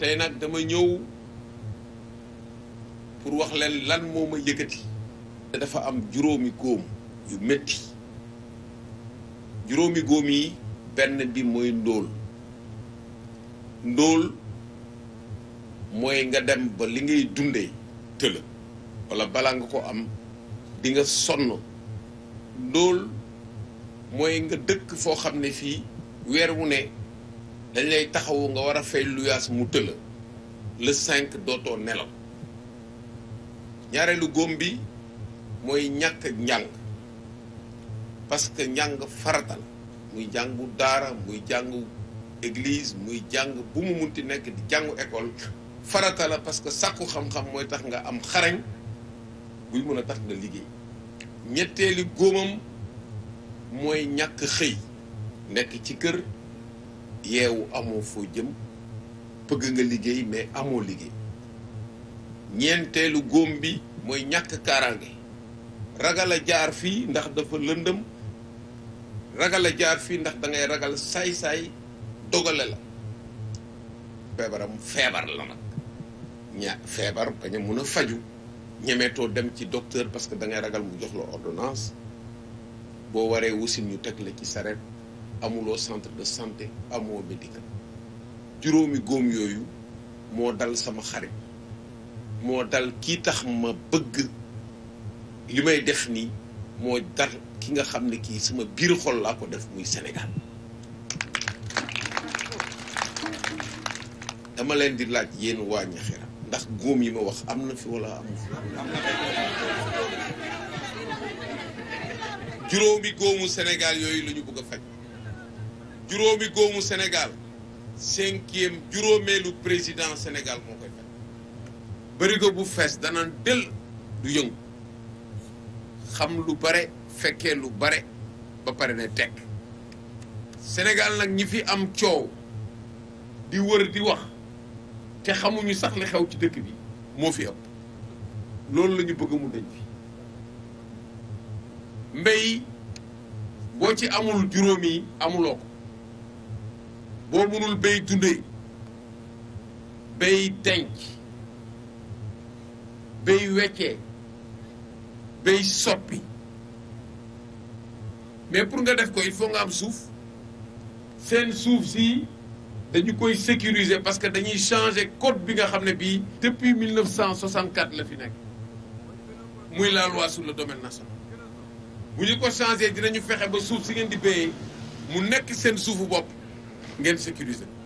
tey nag dama ñëw pour wax leen lan moo ma yëkkati te dafa am juróomi góom yu métti juróomi góom yi benn bi mooy ndóol ndóol mooy nga dem ba li ngay dundee tëla walla balaa nga ko am di nga sonn ndóol mooy nga dëkk foo xam ne fii weer wu ne dañ lay taxawu nga war a fay luyaas mu tëla le cinq dootoo nelaw ñaareelu góom bi mooy ñàkk njàng parce que njàng farata la muy jàngu daara muy jàngu église muy jàng bu mu munti nekk di jàngu école farata la parce que sàkku xam-xam mooy tax nga am xarañ buy mën a tax nga liggéey ñetteelu góomam mooy ñàkk xëy nekk ci kër yeewu amoo foo jëm bëgg nga liggéey mais amoo liggéey ñeenteelu góom bi mooy ñàkk kaaraange ragal a jaar fii ndax dafa lëndëm ragal a jaar fii ndax dangay ragal saay-saay dogale la feebaram feebar la nag ña feebar bañ a mun a faju ñemeetoo dem ci docteur parce que da ragal mu jox la ordonnance boo waree wasin ñu teg la ci saret amuloo centre de santé amoo médical juróomi góom yooyu moo dal sama xarit moo dal kii tax ma bëgg li may def nii moo dal ki nga xam ne kii suma biir xol laa ko def muy Sénégal dama leen di laaj yéen waa Ñaxira ndax góom yi ma wax am na fi wala amu juróomi góomu Sénégal yooyu la ñu faj juróomi góomu Sénégal cinquième juróomeelu président Sénégal moo koy fekk bërigo bu fees danaan dël du yëngu xam lu bare fekkee lu bare ba pare ne tekk Sénégal nag ñi fi am coow di wër di wax te xamuñu sax li xew ci dëkk bi moo fi ëpp loolu lañu ñu bëgg mu dañ fi mbéy boo ci amul juróomi amuloo ko boo mënul béy dundee béy denc béy weccee béy soppi mais pour nga def ko il faut nga am suuf seen suuf si dañu koy sécuriser parce que dañuy changer code bi nga xam ne bii depuis 1964 la fi nekk muy laal waa sur le domaine national bu ñu ko changer dinañu fexe ba suuf si ngeen di béyee mu nekk seen suufu bopp ngeen sécuriser